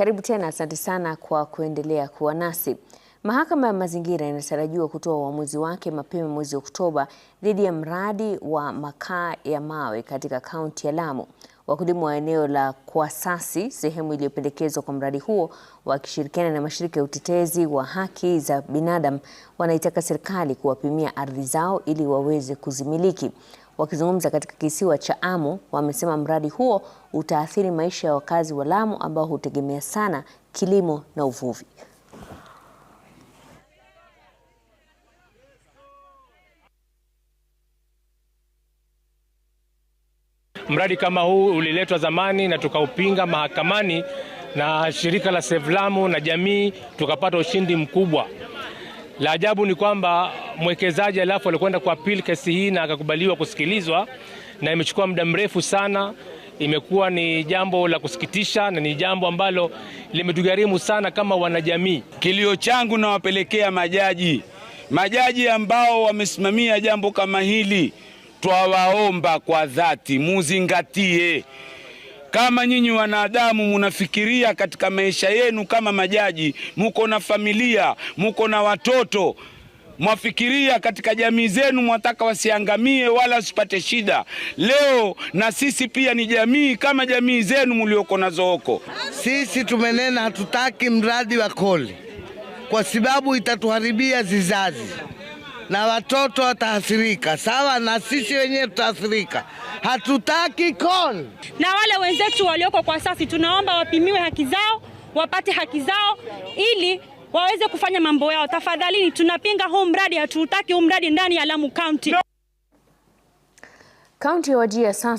Karibu tena, asante sana kwa kuendelea kuwa nasi. Mahakama ya Mazingira inatarajiwa kutoa uamuzi wake mapema mwezi Oktoba dhidi ya mradi wa makaa ya mawe katika kaunti ya Lamu. Wakulima wa eneo la Kwasasi, sehemu iliyopendekezwa kwa mradi huo, wakishirikiana na mashirika ya utetezi wa haki za binadamu, wanaitaka serikali kuwapimia ardhi zao ili waweze kuzimiliki. Wakizungumza katika kisiwa cha Amu, wamesema mradi huo utaathiri maisha ya wakazi wa Lamu ambao hutegemea sana kilimo na uvuvi. Mradi kama huu uliletwa zamani na tukaupinga mahakamani na shirika la Save Lamu na jamii tukapata ushindi mkubwa. La ajabu ni kwamba mwekezaji alafu alikwenda kwa appeal kesi hii na akakubaliwa kusikilizwa, na imechukua muda mrefu sana. Imekuwa ni jambo la kusikitisha na ni jambo ambalo limetugharimu sana kama wanajamii. Kilio changu nawapelekea majaji, majaji ambao wamesimamia jambo kama hili, twawaomba kwa dhati muzingatie. Kama nyinyi wanadamu munafikiria katika maisha yenu, kama majaji, muko na familia, muko na watoto mwafikiria katika jamii zenu, mwataka wasiangamie wala wasipate shida. Leo na sisi pia ni jamii kama jamii zenu mulioko nazo huko. Sisi tumenena hatutaki mradi wa koli, kwa sababu itatuharibia zizazi na watoto wataathirika, sawa na sisi wenyewe tutaathirika. Hatutaki kon. Na wale wenzetu walioko kwa sasa, tunaomba wapimiwe haki zao, wapate haki zao ili waweze kufanya mambo yao. Tafadhalini, tunapinga huu mradi, hatutaki huu mradi ndani ya Lamu County. Kaunti ya Wajir sasa